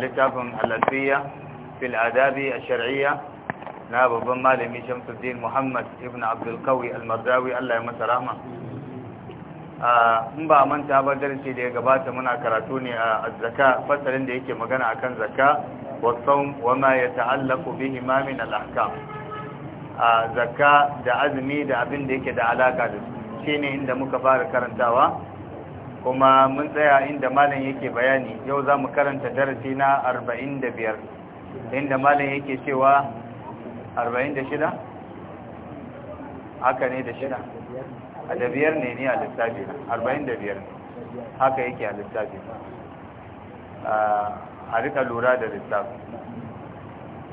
littafin al'alfiya fil adabi a shari'a na babban malami shamsuddin muhammad ibn abdulkawi almardawi allah ya masa rahama in ba manta ba darasi da ya gabata muna karatu ne a zaka fasalin da yake magana akan zaka wasan wama ya ta'allaku bihi ma min al-ahkam zakka da azumi da abin da yake da alaka da su shine inda muka fara karantawa kuma mun tsaya inda malam yake bayani yau za mu karanta darasi na 45 inda malam yake cewa 46 haka ne da shida a da biyar ne ni a lissafi na ne, haka yake a lissafi a rika lura da lissafi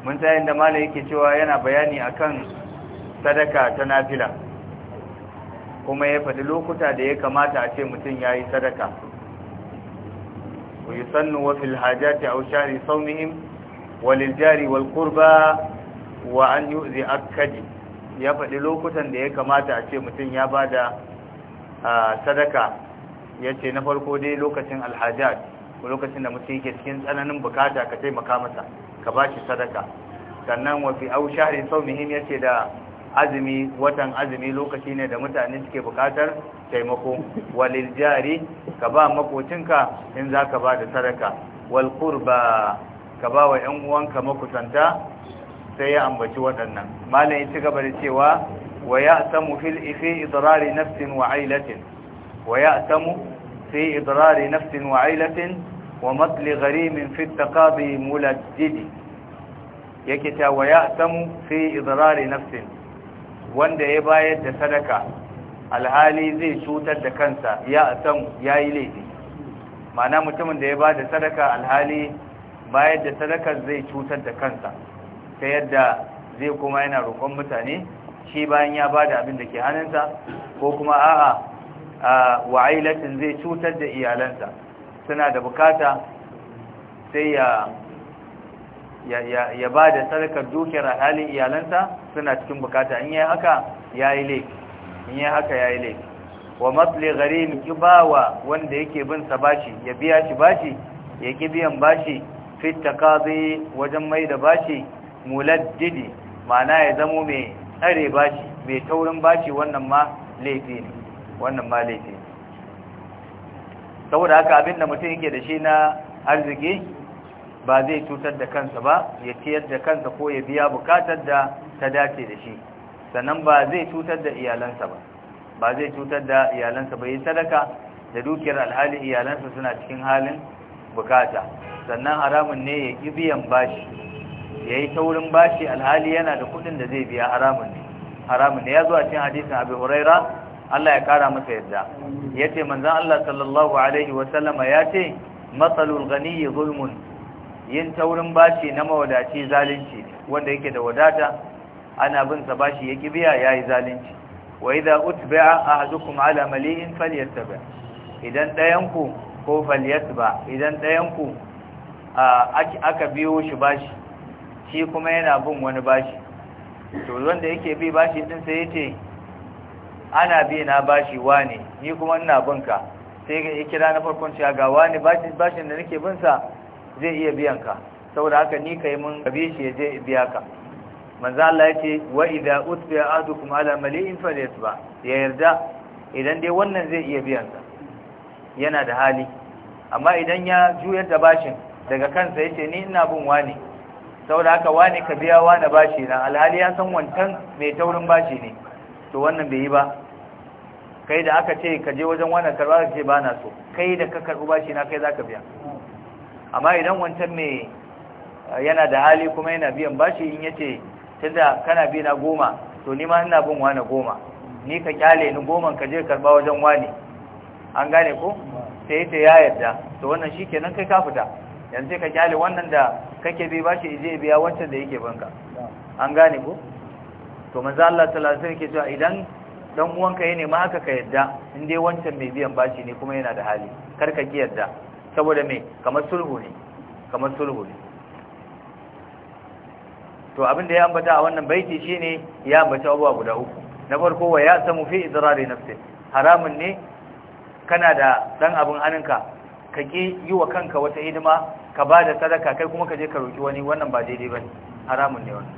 mun tsaya inda malam yake cewa yana bayani akan sadaka ta nafila kuma ya faɗi lokuta da ya kamata a ce mutum ya yi sadaka yi sannu wa fil hajati aw shahri sawmihim wa lil jari wa an yu'zi akadi ya faɗi lokutan da ya kamata a ce mutum ya bada sadaka Ya ce na farko dai lokacin alhajat lokacin da mutum yake cikin tsananin bukata ka taimaka masa ka bashi sadaka sannan wa fi aw saunihim ya ce da azumi watan azumi lokaci ne da mutane suke bukatar taimako walil jari ka ba makocinka in za ka ba da sadaka wal qurba ka ba wa 'yan uwanka makusanta sai ya ambaci waɗannan malam ya ci gaba da cewa wa ya'tamu fil ifi idrari nafsin wa ailatin wa ya'tamu fi idrari nafsin wa ailatin wa matli gharimin fi taqabi muladdidi yake ta wa samu fi idrari nafsin wanda ya bayar da sadaka alhali zai cutar da kansa ya san yayi laifi ma'ana mutumin da ya ba da sadaka alhali bayar da sadakar zai cutar da kansa ta yadda zai kuma yana roƙon mutane shi bayan ya ba da abin da ke hannunsa ko kuma a'a wa'ailatin zai cutar da iyalansa suna da bukata sai ya ya ba da sadakar dukiyar halin iyalansa suna cikin bukata in yi haka yi laifi in yi haka yi laifi wa masli gharim kibawa wanda yake bin sa bashi ya biya shi bashi ya ki biyan bashi fi kazi wajen mai da bashi muladdidi ma'ana ya zamo mai tsare bashi mai taurin bashi wannan ma laifi ne wannan ma laifi ne saboda haka abinda mutum yake da shi na arziki ba zai cutar da kansa ba ya ciyar da kansa ko ya biya bukatar da ta dace da shi sannan ba zai cutar da iyalansa ba ba zai cutar da iyalansa ba yi sadaka da dukiyar alhali iyalansa suna cikin halin bukata sannan haramun ne ya ƙi biyan bashi ya yi taurin bashi alhali yana da kuɗin da zai biya haramun ne haramun ne ya zo a cikin hadisin abu huraira Allah ya kara masa yadda ya ce manzan Allah sallallahu alaihi wasallama ya ce matsalul gani zulmun yin taurin bashi na mawadaci zalunci wanda yake da wadata ana bin sa bashi yaki biya yayi zalunci wa idza utba'a ahadukum ala mali'in falyattabi idan dayan ku ko falyatba idan dayan ku aka biyo shi bashi shi kuma yana bin wani bashi to wanda yake bi bashi din sai yace ana bi na bashi wane ni kuma ina bin ka sai ya kira na farkon cewa ga wani bashin da nake bin sa zai iya biyan ka saboda haka ni kai mun rabe shi je biya ka manzo Allah yace wa idza utbi'a adukum ala mali'in falyatba ya yarda idan dai wannan zai iya biyan ka yana da hali amma idan ya juyar da bashin daga kansa yace ni ina bin wani saboda haka wani ka biya wani bashi na alhali ya san wancan mai taurin bashi ne to wannan bai yi ba kai da aka ce ka je wajen wannan karba ka ce ba so kai da ka karbi bashi na kai zaka biya amma idan wancan mai eh, yana da hali kuma yana biyan bashi in yace tunda kana bi na goma to ni ma ina bin wani goma ni ka kyale ni goman ka je karba wajen wani an gane ko sai ta ya yarda to wannan shikenan kai ka fita yanzu sai ka kyale wannan da kake bi bashi je biya wancan da yake banka an gane ko to manzo Allah sallallahu alaihi wasallam ke cewa idan dan uwanka yana ma haka ka yarda in dai wancan mai biyan bashi ne kuma yana da hali kar ka ki yarda saboda me kamar sulhu ne kamar sulhu ne to abin da ya ambata a wannan baiti shine ya ambata abuwa guda uku na farko wa ya samu fi izrari nafsi haramun ne kana da dan abin aninka ka ki yi wa kanka wata hidima ka ba da sadaka kai kuma ka je ka roki wani wannan ba daidai bane haramun ne wannan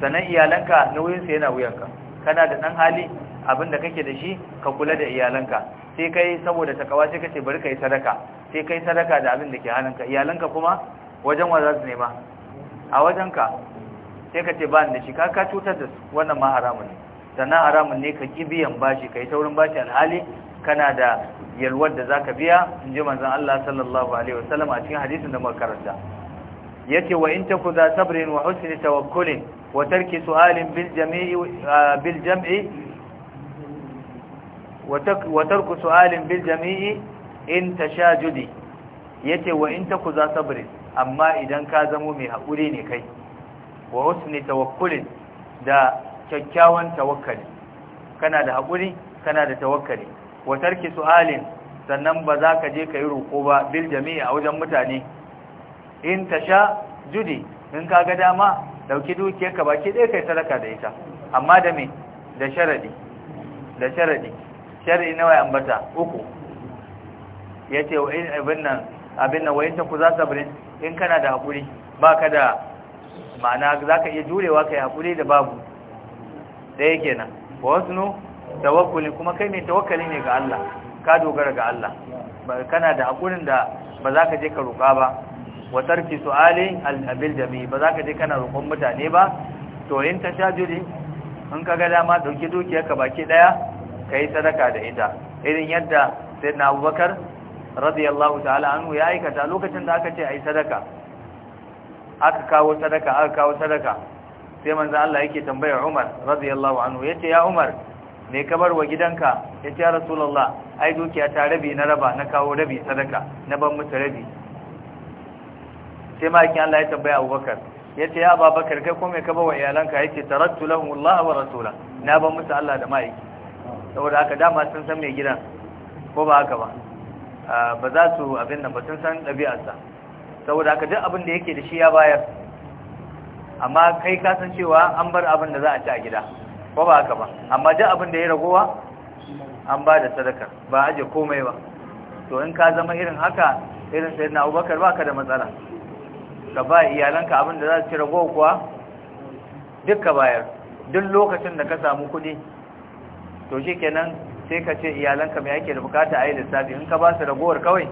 sannan iyalanka nauyin su yana wuyanka kana da dan hali abin da kake da shi ka kula da iyalanka sai kai saboda takawa sai kace bari kai sadaka sai kai sadaka da abin da ke hannunka iyalanka kuma wajen wa za su nema a wajenka sai kace ba ni da shi ka ka cutar da su wannan ma haramun ne sannan haramun ne ka biyan bashi kai taurin bashi alhali kana da yalwar da zaka biya in ji manzon Allah sallallahu alaihi wasallam a cikin hadisin da muka karanta yace wa in taku za sabrin wa husni tawakkulin wa tarki su'alin bil jami'i bil jam'i wa tarku su'alin bil jami'i in tashajudi yace wa in taku za sabri amma idan ka zamo mai hakuri ne kai wa husni tawakkulin da kyakkyawan tawakkali kana da hakuri kana da tawakkali wa tarki su'alin sannan ba za ka je ka yi roko ba bil jami'i a wajen mutane in tasha judi in ka ga dama dauki dukiyarka baki ɗaya kai sadaka da ita amma da me da sharadi da sharadi shari'i nawa ya ambata uku yace wa in abin nan abin nan wayin ta ku za sabrin in kana da hakuri baka da ma'ana zaka iya jurewa kai hakuri da babu dai kenan wa wasnu tawakkuli kuma kai mai tawakkali ne ga Allah ka dogara ga Allah kana da hakurin da ba za ka je ka roƙa ba wa tarki su'ali al-abil jami ba za ka je kana roƙon mutane ba to in ta shajuri in ka ga dama dauki ka baki daya Ka yi sadaka da ita irin yadda sayyidina Abubakar radiyallahu ta'ala anhu ya aikata lokacin da aka ce yi sadaka aka kawo sadaka aka kawo sadaka sai manzo Allah yake tambayar Umar radiyallahu anhu ce ya Umar me ka bar wa gidanka ya ce ya Rasulullah ai dukiya ta rabi na raba na kawo rabi sadaka na ban musu rabi sai maki Allah ya tambaya Abubakar ya ce ya Abubakar kai ko me ka bar wa iyalanka ya ce tarattu lahum Allah wa rasula na ban musu Allah da ma'aiki saboda haka dama sun san mai gidan ko ba haka ba ba za su abin nan ba sun san ɗabi'arsa saboda haka duk abin da yake da shi ya bayar amma kai ka san cewa an bar abin da za a ci a gida ko ba haka ba amma duk abin da ya ragowa an ba da sadaka ba aje komai ba to in ka zama irin haka irin sai na abubakar ba ka da matsala ka ba iyalanka abin da za su ci ragowa kuwa duk ka bayar duk lokacin da ka samu kuɗi to shi kenan sai ka ce iyalanka mai ake da bukata a yi lissafi in ka ba su ragowar kawai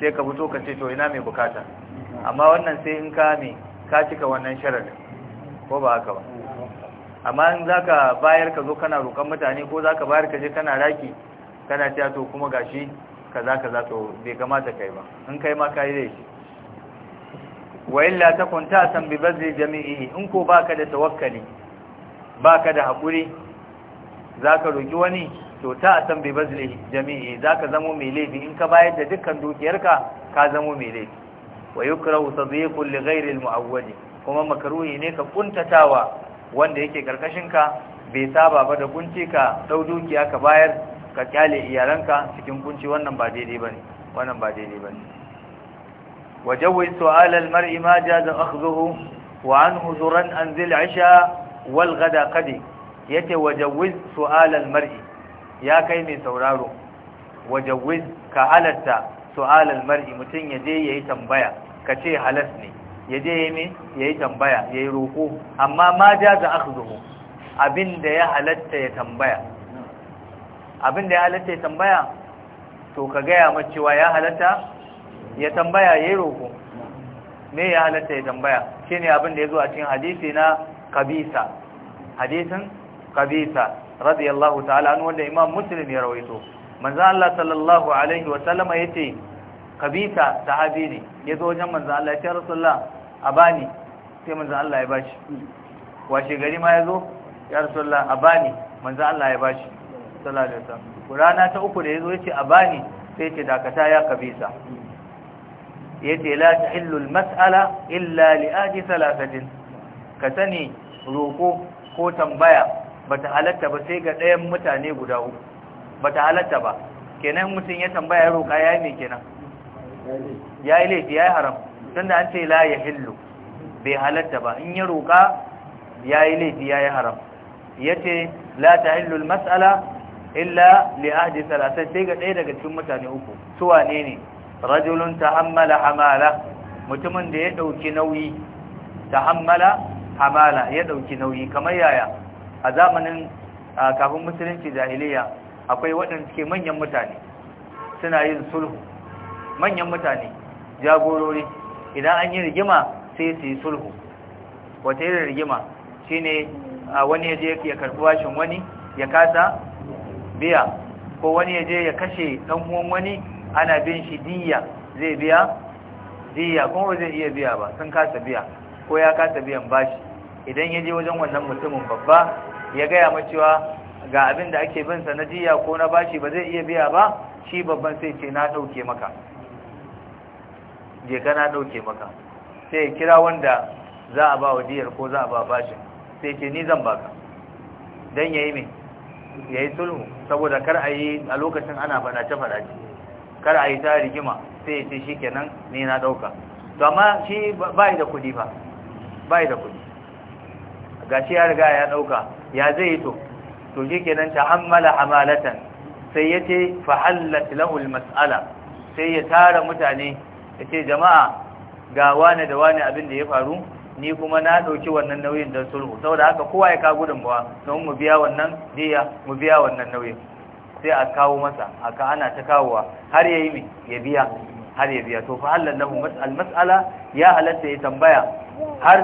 sai ka fito ka ce to ina mai bukata amma wannan sai in ka mai ka cika wannan sharar ko ba haka ba amma in za ka bayar ka zo kana roƙon mutane ko za ka bayar ka je kana raki kana cewa to kuma gashi kaza za to bai kamata kai ba in kai ma kai dai wa illa takun ta san bi bazri jami'i in ko baka da tawakkali baka da hakuri zaka roki wani to ta san bi bazli jami'i zaka zamo mai laifi in ka bayar da dukkan dukiyarka ka zamo mai laifi wa yukrahu tadyiqu li ghayri al kuma makruhi ne ka kuntatawa wanda yake karkashin ka bai saba ba da kunci ka dau dukiya ka bayar ka kyale iyalanka cikin kunci wannan ba daidai bane wannan ba daidai bane wajawwi su'al al ma jaza akhdhuhu wa anhu zuran anzil 'isha wal ghada qadi yace wajawiz su'alal mar'i ya kai mai sauraro wajawiz ka halatta su'alal mar'i mutun yaje yayi tambaya kace halas ne yaje yayi me yayi tambaya yayi roko amma ma jaza akhduhu abinda ya halatta ya tambaya abinda ya halatta ya tambaya to ka gaya mace cewa ya halatta ya tambaya yayi roko me ya halatta ya tambaya shine abinda yazo a cikin hadisi na kabisa hadisin qabisa radiyallahu ta'ala an wanda imam muslim ya rawaito manzo Allah sallallahu alaihi wa sallama yace qabisa sahabi ne yazo wajen manzo Allah ya ce rasulullah abani sai manzo Allah ya bashi washe gari ma yazo ya rasulullah abani manzo Allah ya bashi sallallahu alaihi wasallam rana ta uku da yazo yace abani sai ce dakata ya kabisa yace la tahillu almas'ala illa li ahli thalathatin ka sani roko ko tambaya bata halatta ba sai ga ɗayan mutane guda uku bata halatta ba kenan mutum ya tambaya ya roƙa ya yi mai kenan ya yi laifi ya yi haram tunda an ce la ya hillu bai halatta ba in ya roƙa ya yi laifi ya yi haram ya ce la ta hillu mas'ala illa li ahdi salasai sai ga ɗaya daga cikin mutane uku su wane ne rajulun tahammala hamala mutumin da ya ɗauki nauyi tahammala hamala ya ɗauki nauyi kamar yaya a zamanin kafin musulunci jahiliya akwai waɗanda suke manyan mutane suna yin sulhu manyan mutane jagorori idan an yi rigima sai su yi sulhu wata irin rigima Shi ne wani yaje ya karɓi washin wani ya kasa biya ko wani yaje ya kashe ɗanhuwan wani ana bin shi diya zai biya diya kuma zai iya biya ba sun kasa biya ko ya kasa biyan bashi idan ya je wajen wannan mutumin babba ya gaya ma cewa ga abin da ake binsa na jiya ko na bashi ba zai iya biya ba shi babban sai ce na ɗauke maka je ka na ɗauke maka sai ya kira wanda za a ba wa diyar ko za a ba bashin sai ce ni zan baka don ya yi mai ya yi sulhu saboda kar a yi a lokacin ana fadace-fadace kar a yi ta rigima sai ya ce shi kenan ni na ɗauka to amma shi ba da kuɗi ba ba da kuɗi gashi ya riga ya dauka ya zai yi to to shikenan ta'ammala hamalatan sai yace fa hallat lahu almas'ala sai ya tara mutane yace jama'a ga wani da wani abin da ya faru ni kuma na dauki wannan nauyin dan sulhu saboda haka kowa ya ka gudun bawa don mu biya wannan diya mu biya wannan nauyin sai a kawo masa aka ana ta kawowa har yayi mi ya biya har ya biya to fa halal lahu mas'al mas'ala ya halatta ya tambaya har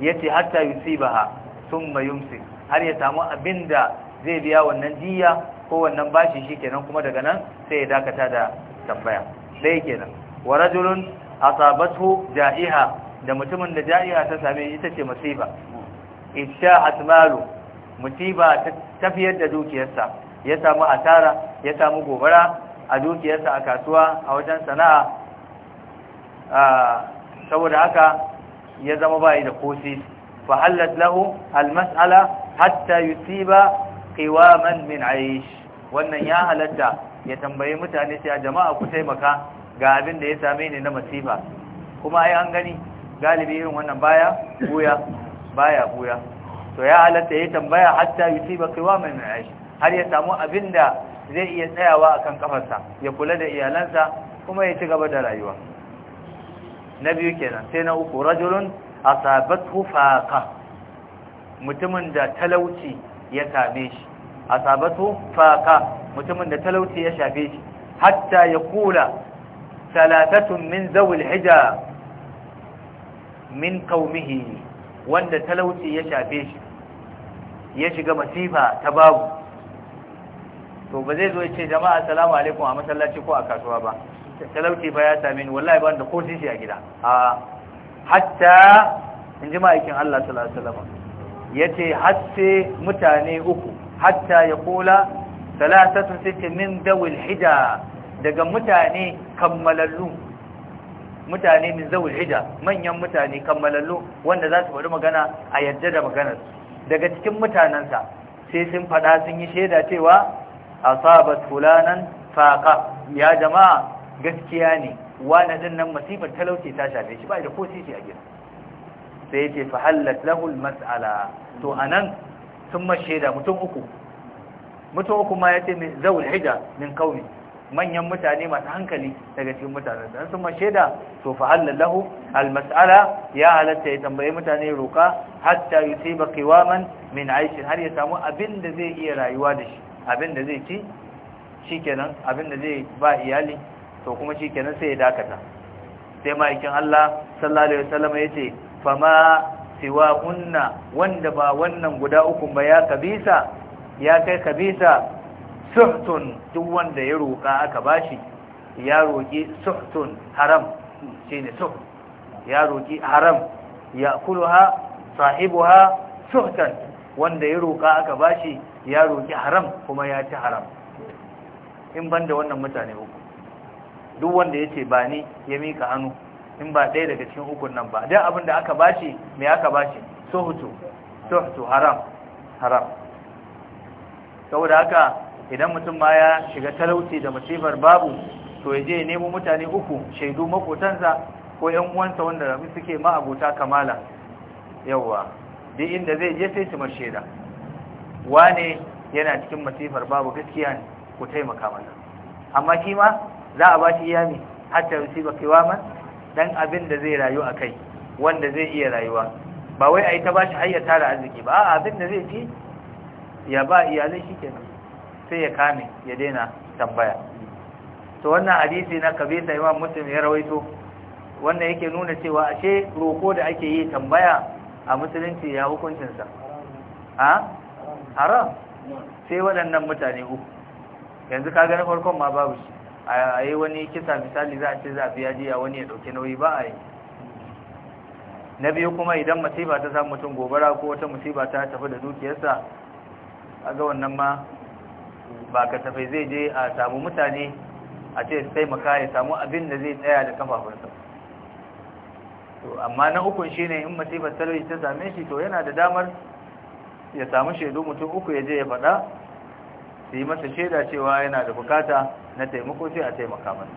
yace hatta yusibaha thumma yumsik har ya samu abin da zai biya wannan diya ko wannan bashi kenan kuma daga nan sai ya dakata da tambaya sai kenan wa rajulun asabathu ja'iha da mutumin da ja'iha ta same ita ce musiba isha atmalu musiba ta tafiyar da dukiyarsa ya samu asara ya samu gobara a dukiyarsa a kasuwa a wajen sana'a ah, saboda haka ya zama bai da kosi fa halat lahu al mas'ala hatta yusiba qiwaman min aish wannan ya halatta ya tambaye mutane cewa jama'a ku taimaka ga abin da ya same ni na masifa kuma ai an gani galibi irin wannan baya buya baya buya to ya halatta ya tambaya hatta yusiba qiwaman min aish har ya samu abin da zai iya tsayawa akan kafarsa ya kula da iyalansa kuma ya ci gaba da rayuwa na biyu kenan sai na uku rajulun asabathu faqa mutumin da talauci ya same shi asabathu faqa mutumin da talauci ya shafe shi hatta ya kula salatatun min zawil hija min qaumihi wanda talauci ya shafe shi ya shiga masifa ta babu to ba zai zo ya ce jama'a assalamu alaikum a masallaci ko a kasuwa ba talauci ba ya same ni wallahi ban da ko shi a gida a hatta in ji ma'aikin Allah sallallahu alaihi wasallam yace hatta mutane uku hatta ya kula talatatu sitte min dawil hija daga mutane kammalallu mutane min zawul hija manyan mutane kammalallu wanda za su faɗi magana a yadda da maganar daga cikin mutanensa sai sun faɗa sun yi shaida cewa asabat fulanan faqa ya jama'a gaskiya ne wani din nan masifar talauci ta shafe shi ba da ko sisi a gida sai yace fa hallat lahul mas'ala to anan sun da mutum uku mutum uku ma yace min zaul hija min kauni manyan mutane masu hankali daga cikin mutanen dan sun da to fa hallat lahu al mas'ala ya halatta ya tambaye mutane roka hatta yusiba qiwaman min aishin har ya samu abin da zai iya rayuwa da shi abin da zai ci shikenan abin da zai ba iyali to kuma shi kenan sai ya dakata sai ma'aikin Allah sallallahu alaihi ya ce fama siwa kunna wanda ba wannan guda uku ba ya kabisa ya kai kabisa suhtun duk wanda ya roƙa aka bashi ya roƙi suhtun haram ne suh ya roƙi haram ya kuluha sahibuha suhtan wanda ya roƙa aka bashi ya roƙi haram kuma ya ci haram in banda wannan mutane uku duk wanda ya ce ba ni ya mika hannu in ba ɗaya daga cikin ukun nan ba don abin da aka bashi me aka bashi suhtu suhtu haram haram saboda haka idan mutum ma ya shiga talauci da masifar babu to ya je ya nemo mutane uku shaidu makotansa ko yan uwansa wanda rami suke ma abota kamala Yawwa, duk inda zai je sai su masheda wane yana cikin masifar babu gaskiya ne ku taimaka mana amma kima za a bashi iya ne hatta kewa man dan abin da zai rayu a kai wanda zai iya rayuwa ba wai a yi ta bashi hayya tara arziki ba a'a abin da zai ci ya ba iyalai kenan sai ya kame ya daina tambaya to wannan hadisi na sa imam muslim ya rawaito wannan yake nuna cewa ashe roko da ake yi tambaya a musulunci ya hukuncinsa a haram sai waɗannan mutane uku yanzu kaga na farkon ma babu shi a yi wani kisa misali za a ce za a biya jiya wani ya ɗauki nauyi ba a yi na biyu kuma idan masifa ta samu mutum gobara ko wata masifa ta tafi da dukiyarsa a ga wannan ma ba ka tafai zai je a samu mutane a ce sai maka ya samu abin da zai tsaya da kafafunsa to amma na ukun ne in masifar talauci ta same shi to yana da damar ya samu shaidu mutum uku ya je ya faɗa su yi masa shaida cewa yana da bukata na taimako sai a taimaka masa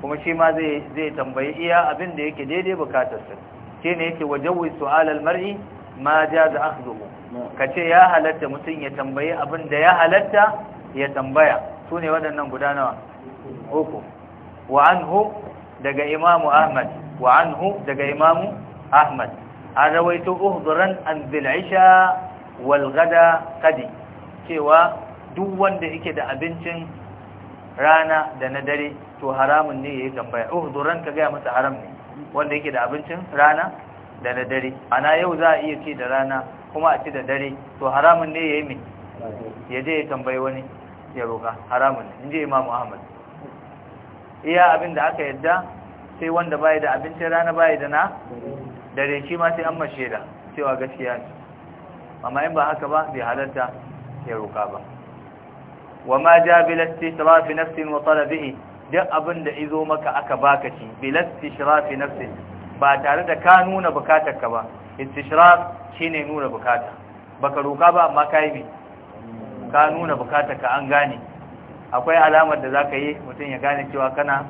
kuma shi ma zai tambayi iya abin da yake daidai bukatarsa shi ne yake wajawi su'alal mar'i ma ja da ka kace ya halatta mutum ya tambayi abin da ya halatta ya tambaya su ne waɗannan guda nawa uku wa daga imamu ahmad wa anhu daga imamu ahmad an rawaito uhduran an dhil isha wal cewa duk wanda yake da abincin rana da na dare to haramun ne yayi tambaya oh, duran ka ga masa haram ne wanda yake da abincin rana da na dare ana yau za a iya ci da rana kuma a ci da dare to haramun ne yayi ya je ya tambayi wani ya roka haramun ne inji Imam Ahmad iya abin da aka yadda sai wanda bai da abincin rana bai da na dare shi ma sai an mashe da cewa gaskiya ne amma in ba haka ba bai halarta ya roka ba wa ma ja bil istishraf nafs wa talabihi duk abin da izo maka aka baka shi bil istishraf nafs ba tare da ka nuna bukatarka ba istishraf shine nuna bukata baka roka ba amma kai bi ka nuna bukatarka an gane akwai alamar da zaka yi mutum ya gane cewa kana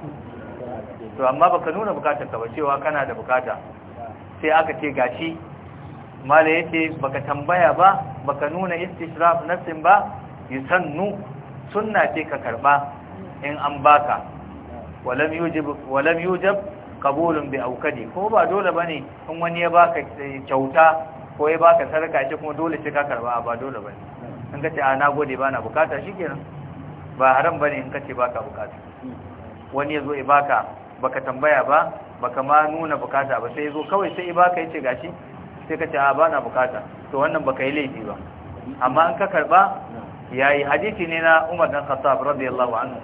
to amma baka nuna bukatarka ba cewa kana da bukata sai aka ce gashi mallaye yace baka tambaya ba baka nuna istishraf nafsin ba yusannu sunna ce ka karba in an baka walam yujib walam yujab qabulun bi aukadi ko ba dole bane in wani ya baka eh, kyauta ko ya baka sarka shi kuma dole ce ka karba ba dole bane in ka ce a nagode ba na bukata shikenan ba haram bane in ka ce baka bukata wani ya zo ya baka baka tambaya ba baka ma nuna bukata ba sai ya zo kawai sai ya baka yace gashi sai ka ce a ba na bukata to wannan baka yi laifi ba amma in ka karba yayi hadisi ne na Umar dan Khattab radiyallahu anhu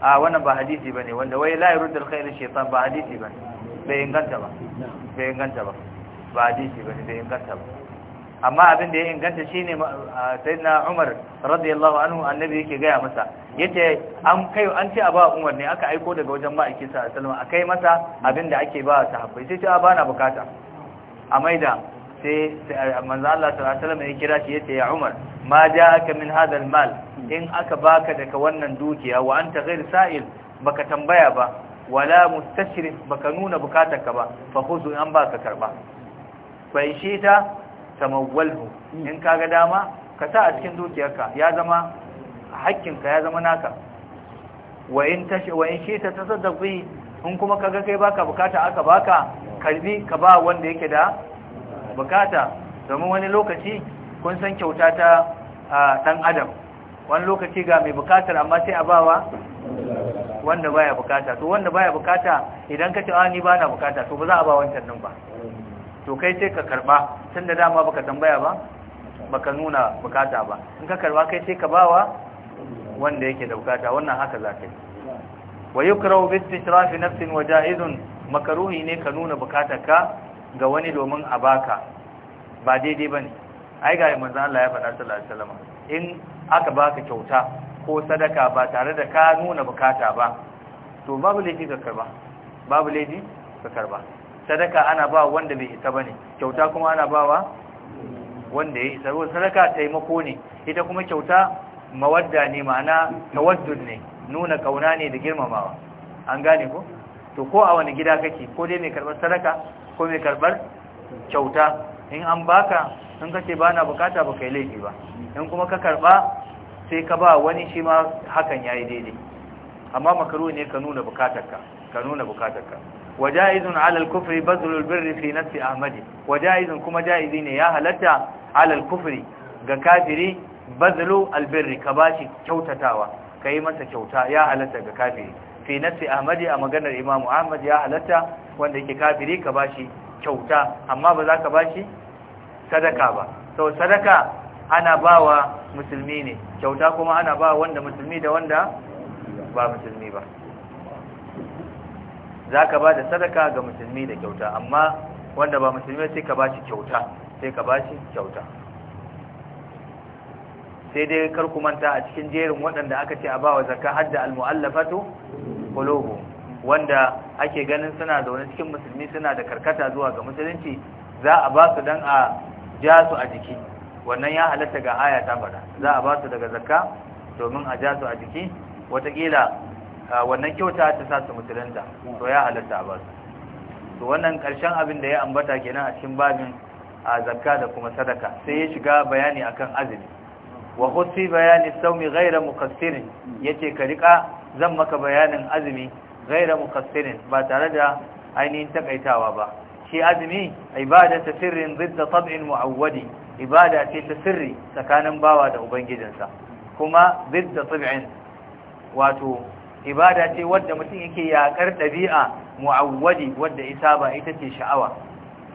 a ah, wannan ba hadisi bane wanda wai la yurdul khayr shaytan ba hadisi bane bai inganta ba bai inganta ba ba hadisi bane bai inganta ba amma abin da ya inganta shine ah, sayyidina Umar radiyallahu anhu annabi yake gaya masa yace an kai an ce a ba Umar ne aka aiko daga wajen ma'aikisa sa salama a akai masa abin da ake ba sahabbai sai ce a bana bukata a maida sai manzo Allah sallallahu alaihi wasallam ya kira shi yace ya Umar ma aka min hadal mal in aka baka daga wannan dukiya wa anta ghair sa'il baka tambaya ba wala mustashirin baka nuna bukatarka ba fa khuzu an baka karba fa ishita tamawwalhu in kaga dama ka sa a cikin dukiyarka ya zama hakkinka ya zama naka wa in tashi wa in ta tasaddaqi in kuma kaga kai baka bukata aka baka karbi ka ba wanda yake da bukata domin wani lokaci kun san kyauta ta dan adam wani lokaci ga mai bukatar amma sai a bawa wanda baya bukata to wanda baya bukata idan ka ce a ah, ni bana bukata to ba za a ba wancan nan ba to kai sai ka karba tun da dama baka tambaya ba baka nuna bukata ba in ka karba kai sai ka bawa wanda yake da bukata wannan haka za ka yi wa yukrahu bi istirafi nafsin wa ja'izun makaruhi ne ka nuna bukatarka ga wani domin a baka ba daidai bane ai ga manzon Allah ya faɗa sallallahu alaihi wasallam in aka baka kyauta ko sadaka ba tare da ka nuna bukata ba to babu laifi ka karba babu laifi ka karba sadaka ana ba wanda bai isa bane kyauta kuma ana bawa wanda ya isa sadaka taimako ne ita kuma kyauta mawadda ne ma'ana tawaddud ne nuna kauna ne da girmamawa an gane ko to ko a wani gida kake ko dai mai karbar sadaka ko mai karbar kyauta in an baka in kace ba na bukata ba kai laifi ba in kuma ka karba sai ka ba wani shi ma hakan yayi daidai amma makaru ne ka nuna bukatarka ka ka nuna bukatarka wajaizun ala al-kufri bazlul birri fi nafsi ahmadi wajaizun kuma jaizi ne ya halatta ala al-kufri ga kafiri bazlu al-birri ka bashi kyautatawa kai masa kyauta ya halatta ga kafiri fi nafsi ahmadi a maganar imamu ahmad ya halatta wanda yake kafiri ka bashi kyauta amma ba za ka bashi sadaka ba sau sadaka ana bawa musulmi ne kyauta kuma ana ba wanda musulmi da wanda ba musulmi ba za ka ba da sadaka ga musulmi da kyauta amma wanda ba musulmi sai ka ba shi kyauta sai ka ba shi kyauta sai dai kar ku manta a cikin jerin waɗanda aka ce a ba wa zakka hadda almu'allafatu qulubu wanda ake ganin suna zaune cikin musulmi suna da karkata zuwa ga musulunci za a ba su dan a ja su a jiki wannan ya halatta ga aya ta faɗa za a ba su daga zakka domin a ja su a jiki watakila wannan kyauta ta sa su musulunta to ya halatta a ba su to wannan karshen abin da ya ambata kenan a cikin babin a zakka da kuma sadaka sai ya shiga bayani akan azumi wa husi bayani saumi ghaira muqassirin yace ka rika zan maka bayanin azumi ghaira muqassirin ba tare da ainihin takaitawa ba shi azumi ta sirrin zidda tab'in mu'awwadi ibada ce ta sirri tsakanin bawa da ubangijinsa kuma zidda tab'in wato ibada ce wadda mutum yake yakar dabi'a mu'awwadi wadda ita ba ita ce sha'awa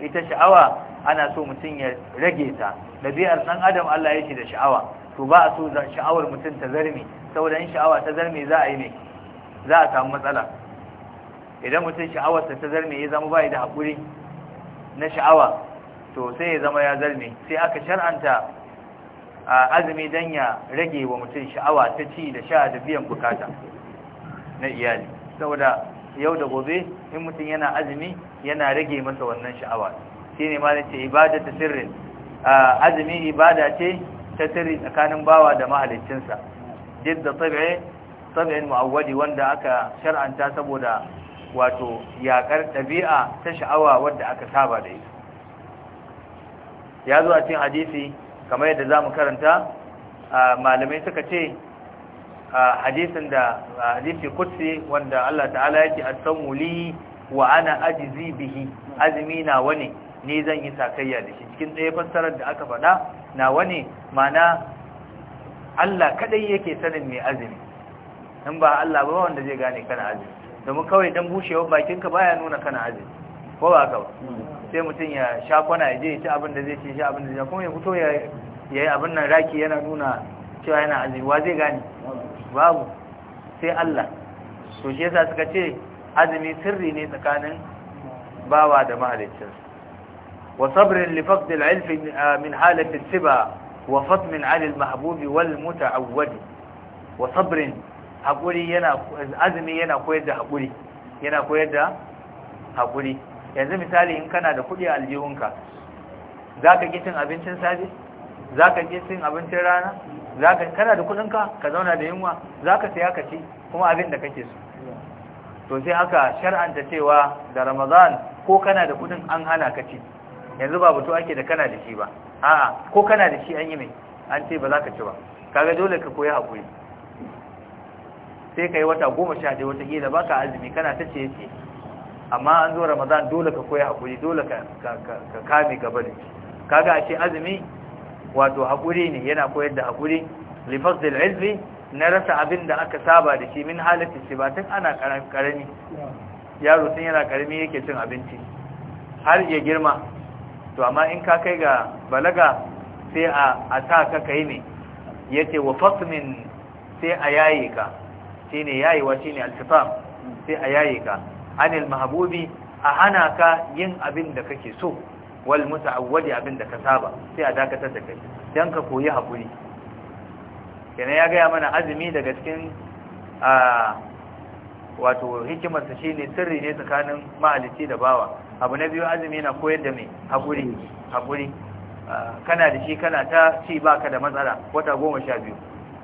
ita sha'awa ana so mutum ya rage ta dabi'ar san adam Allah ya shi da sha'awa to ba a so sha'awar mutum ta zarme saboda in sha'awa ta zarme za a yi ne za a samu matsala idan mutum sha'awar ta zarme ya zama bai da haƙuri na sha'awa to sai ya zama ya zalme sai aka shar'anta azumi dan ya rage wa mutum sha'awa ta ci da sha da biyan bukata na iyali saboda yau da gobe in mutum yana azumi yana rage masa wannan sha'awa ne ma ce ibada ta sirrin azumi ibada ce ta sirri tsakanin bawa da mahaliccinsa duk da mu'awwadi wanda aka shar'anta saboda wato yaƙar ɗabi'a ta sha'awa wadda aka saba da ita ya zo a cikin hadisi kamar yadda za mu karanta malamai suka ce hadisin da hadisi kutse wanda Allah ta'ala yake san muli wa ana ajizi bihi azumi na wani ne zan yi sakayya da shi cikin ɗaya fassarar da aka faɗa na wani ma'ana Allah kaɗai yake sanin mai azumi in ba Allah ba wanda zai gane kana azumi domin kawai dan bushewar bakinka baya nuna kana azumi ko ba sai mutum ya sha kwana ya je ya abin da zai ci shi abin da zai kuma ya fito ya yi abin nan raki yana nuna cewa yana azumi wa zai gane babu sai Allah to shi yasa suka ce azumi sirri ne tsakanin bawa da mahaliccinsa وصبر لفقد wa من حالة السبا وفطم wal المحبوب wa sabrin haƙuri yana azumi yana koyar da haƙuri yana koyar da haƙuri yanzu misali in kana da kuɗi a aljihunka za ka ƙi cin abincin safe za ka ƙi cin abincin rana za ka kana da kuɗinka ka zauna da yunwa za ka saya ka ci kuma abin da kake so to sai aka shar'anta cewa da ramadan ko kana da kuɗin an hana ka ci yanzu ba batu ake da kana da shi ba a'a ko kana da shi an yi mai an ce ba za ka ci ba kaga dole ka koyi haƙuri sai ka yi wata goma sha ɗaya wata gida ba ka azumi kana ta ce ce amma an zo ramadan dole ka koya haƙuri dole ka kame gaba ne kaga a ce azumi wato hakuri ne yana koyar da haƙuri lifas da ilmi na rasa abin da aka saba da shi min halatta shi ana ƙarami yaro tun yana karami yake cin abinci har ya girma to amma in ka kai ga balaga sai a sa ka kai ne yace wa fasmin sai a yaye ka shine yayewa shine altifam sai a yaye ka anil mahbubi a hana ka yin abin da kake so wal muta'awwadi abin da ka saba sai a dakatar da kai dan ka koyi hakuri kenan ya gaya mana azumi daga cikin a wato hikimarsa shine sirri ne tsakanin mahalicci da bawa abu na biyu azumi na koyar da mai hakuri hakuri kana da shi kana ta ci baka da matsala wata goma sha biyu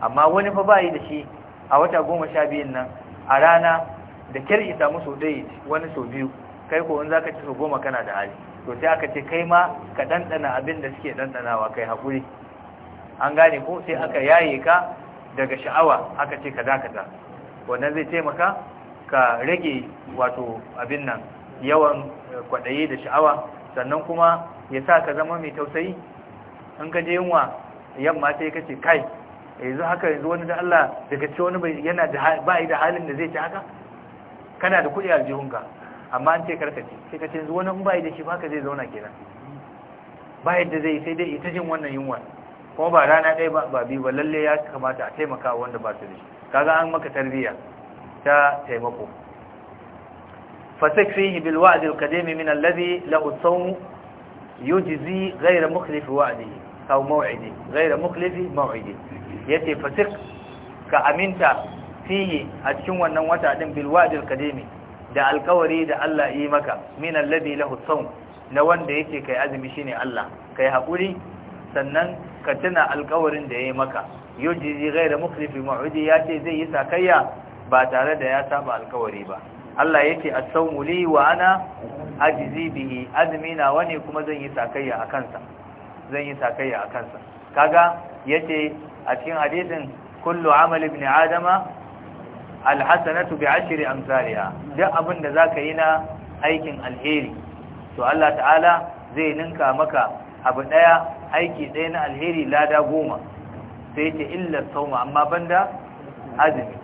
amma wani fa bayi da shi a wata goma sha biyun nan a rana da kyar isa samu sau ɗaya wani sau biyu kai ko in za ka ci sau goma kana da hali to sai aka ce kai ma ka ɗanɗana abin da suke ɗanɗanawa kai haƙuri an gane ko sai aka yaye ka daga sha'awa aka ce ka dakata wannan zai taimaka ka rage wato abin nan yawan eh, kwaɗayi da sha'awa sannan kuma ya sa ka zama mai tausayi in ka je yunwa yamma sai ka ce kai yanzu haka yanzu wani da Allah daga ce wani bai yana da ba da halin da zai ci haka kana da kuɗi aljihunka amma an ce karka ci sai ka ce yanzu wani ba da shi ba haka zai zauna kenan ba yadda zai sai dai ita jin wannan yunwa kuma ba rana ɗaya ba ba biyu ba lalle ya kamata a taimaka wanda ba su da shi kaga an maka tarbiyya ta taimako wa'd al qadim min alladhi له الصوم yujzi ghayra mukhlif wa'dihi aw maw'idi ghayra mukhlif maw'idi yace fasik ka aminta fihi a cikin wannan wata din bil wa'dil qadimi da alkawari da Allah yi maka min alladhi lahu sawm na wanda yake kai azumi shine Allah kai hakuri sannan ka tuna alkawarin da yayi maka yujizi ghayra mukhlifi mu'udi yace zai yi sakayya ba tare da ya saba alkawari ba Allah yake as-sawmu li wa ana ajizi bihi azumi na wani kuma zan yi sakayya akan sa zan yi sakayya kaga yace a cikin hadisin kullu amal ibn adama alhasanatu bi ashri amsalha duk abin da zaka yi na aikin alheri to Allah ta'ala zai ninka maka abu daya aiki daya na alheri lada goma sai yake illa sauma amma banda azumi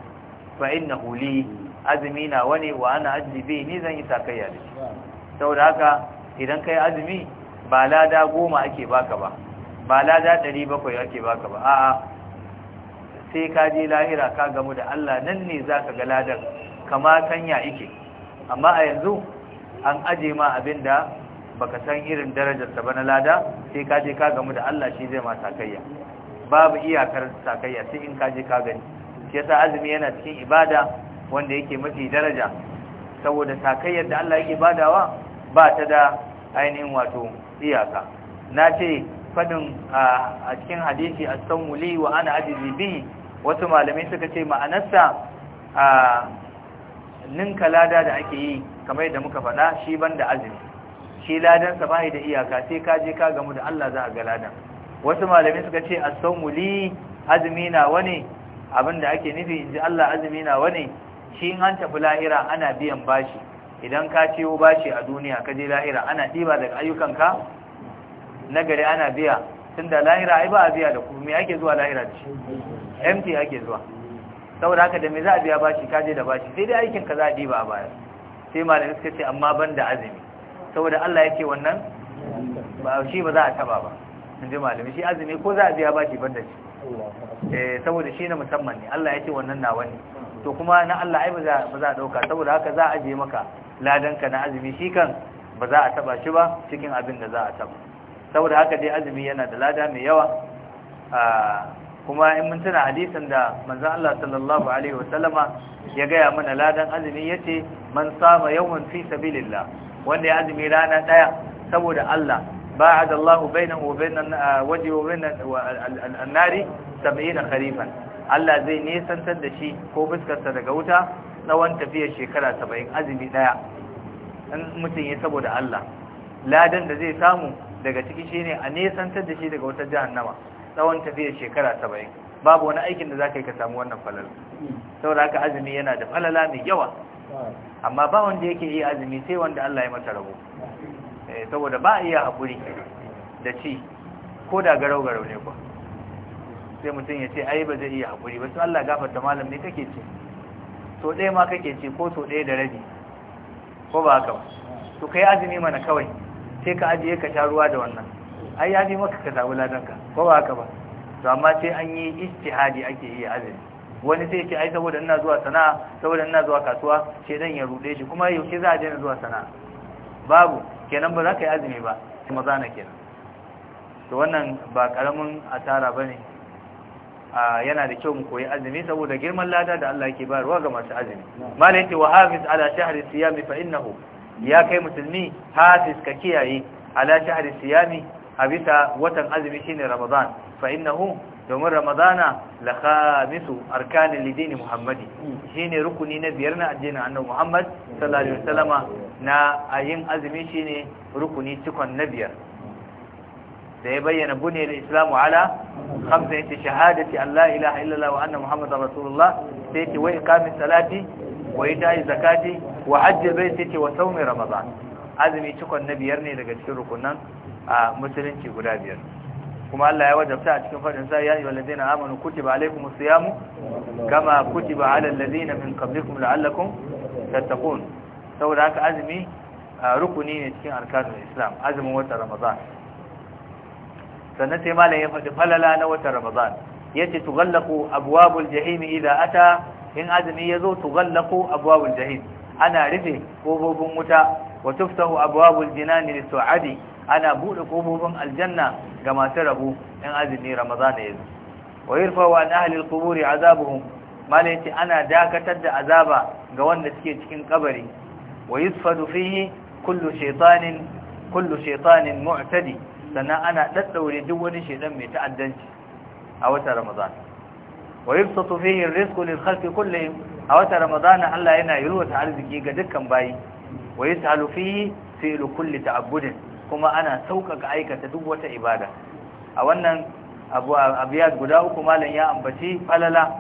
fa innahu li azumi na wani wa ana ajibi ni zan yi sakayya da shi saboda haka idan kai azumi ba lada goma ake baka ba ba lada ɗari bakwai ake baka ba a'a sai ka je lahira ka gamu da Allah nan ne za ka ga ladan kama sanya ike amma a yanzu an aje ma abin da baka san irin darajarsa ba na lada sai ka je ka gamu da Allah shi zai ma sakayya babu iyakar sakayya sai in ka je ka gani shi yasa azumi yana cikin ibada wanda yake mafi daraja saboda sakayyar da Allah yake badawa ba ta da ainihin wato iyaka na ce fadin a cikin hadisi as-sawmuli wa ana ajizi bi wasu malamai suka ce ma'anarsa a ninka lada da ake yi kamar yadda muka faɗa shi ban da azumi shi ladansa bai da iyaka sai ka je ka gamu da Allah za a ga ladan wasu malamai suka ce a sawmu azumi na wani da ake nufi in ji Allah azumi na wani shi in an tafi lahira ana biyan bashi idan ka ciwo bashi a duniya ka je lahira ana ɗiba daga ayyukanka na gari ana biya tunda lahira ai ba a biya da kuma me ake zuwa lahira da shi empty ake zuwa saboda haka da me za a biya bashi kaje da bashi sai dai aikin ka za a diba a baya sai malami suka ce amma ban da azumi saboda Allah yake wannan ba shi ba za a taba ba in ji malami shi azumi ko za a biya bashi ban da shi eh saboda shi na musamman ne Allah yake wannan nawa ne to kuma na Allah ai ba za a dauka saboda haka za a je maka ladanka na azumi shi kan ba za a taba shi ba cikin abin da za a taba saboda haka dai azumi yana da lada mai yawa ah, kuma in mun tana hadisin da manzon Allah sallallahu alaihi wasallama ya gaya mana ladan azumi yace man sama yawan fi sabilillah wanda ya azumi rana daya saboda Allah ba'ada Allah bainahu wa bainan waji wa bainan an-nari 70 kharifan Allah zai nisantar da shi ko fuskarsa daga wuta tsawon tafiyar shekara 70 azumi daya in mutun ya saboda Allah ladan da zai samu daga ciki shine a nesantar da shi daga wutar jahannama tsawon tafiyar shekara saba'in babu wani aikin da za ka yi ka samu wannan falala saboda haka azumi yana da falala mai yawa amma ba wanda yake yi azumi sai wanda Allah ya masa rabo eh, saboda ba iya haƙuri da ci ko da garau-garau ne ba sai mutum ya ce ai ba zai iya haƙuri ba su Allah gafarta malam ne kake ce so ɗaya ma kake ce ko so ɗaya da rabi ko ba haka ba to kai azumi mana kawai sai ka ajiye ka sha ruwa da wannan ai ya ne maka ka samu ladanka ko ba haka ba to amma sai an yi ijtihadi ake iya azumi wani sai ce ai saboda ina zuwa sana'a saboda ina zuwa kasuwa sai dan ya rude shi kuma yaushe za a daina zuwa sana'a babu kenan ba za ka yi azumi ba kuma zana kenan to wannan ba karamin asara bane yana da kyau mu koyi azumi saboda girman lada da Allah yake bayarwa ga masu azumi malai ce wa hafiz ala shahri siyami fa innahu ya kai musulmi hafiz ka kiyaye ala shahri siyami a bisa watan azumi shine ramadan fa innahu domin ramadana la khamisu arkanin lidini muhammadi shine rukuni na biyar na addinin annabi muhammad sallallahu alaihi wasallama na ayin azumi shine rukuni cikon na biyar da ya bayyana buniyar islamu ala khamsa yace shahadati an la ilaha illallah wa anna muhammadar rasulullah sai yace wa iqamis salati wa ita'i zakati wa hajji baiti yace wa sawmi ramadan azumi cikon na biyar ne daga cikin rukunan a musulunci guda biyar kuma Allah ya wajabta a cikin fadin sa ya yi walladina amanu kutiba alaikum siyamu kama kutiba alal ladina min qablikum la'allakum tattaqun saboda haka azumi rukuni ne cikin arkanul islam azumin watan ramadan sannan sai malam ya faɗi falala na watan ramadan yace tughallaqu abwabul jahim idza ata in azumi yazo tughallaqu abwabul jahim ana rufe kofofin wuta wa tuftahu abwabul jinani da suadi ana bude kofofin aljanna ga masu rabo 'yan azumi ramadana yanzu. wa yarfa'u wa ahli Kuburi quburi azabuhum ana dakatar da azaba ga wanda suke cikin kabari wa yusfadu fihi kullu shaytanin kullu shaytanin mu'tadi sannan ana daddaure duk wani mai ta'addanci a wata ramadan wa yubsatu fihi ar lil-khalqi kullihim a wata ramadan Allah yana yulwata arziki ga dukkan bayi wa yas'alu fihi fi'lu kulli ta'abbudin kuma ana sauƙaƙa aikata duk wata ibada a wannan abu guda uku malam ya ambaci falala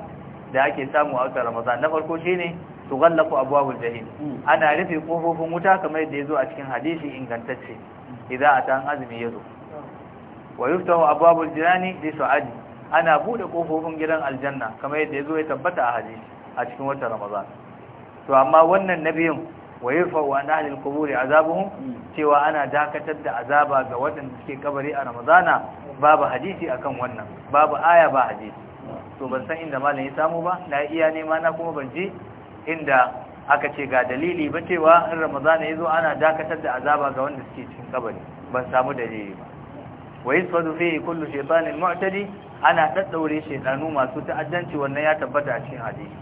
da ake samu a watan na farko shine tughallafu abwabul jahim ana rufe ƙofofin wuta kamar yadda zo a cikin hadisi ingantacce idan atan azumi yazo wa yuftahu abwabul jirani li su'adi ana buɗe ƙofofin gidan aljanna kamar yadda yazo ya tabbata a hadisi a cikin watan Ramadan to amma wannan nabiyin wa yarfa'u an ahlil quburi azabuhum cewa ana dakatar da azaba ga waɗanda suke kabari a ramadana babu hadisi akan wannan babu aya ba hadisi to ban san inda malam ya samu ba na iya nema na kuma ban je inda aka ce ga dalili ba cewa in ramadana yazo ana dakatar da azaba ga wanda suke cikin kabari ban samu dalili ba wa yasfadu fihi kullu shaytanin mu'tadi ana daddaure shaytanu masu ta'addanci wannan ya tabbata a cikin hadisi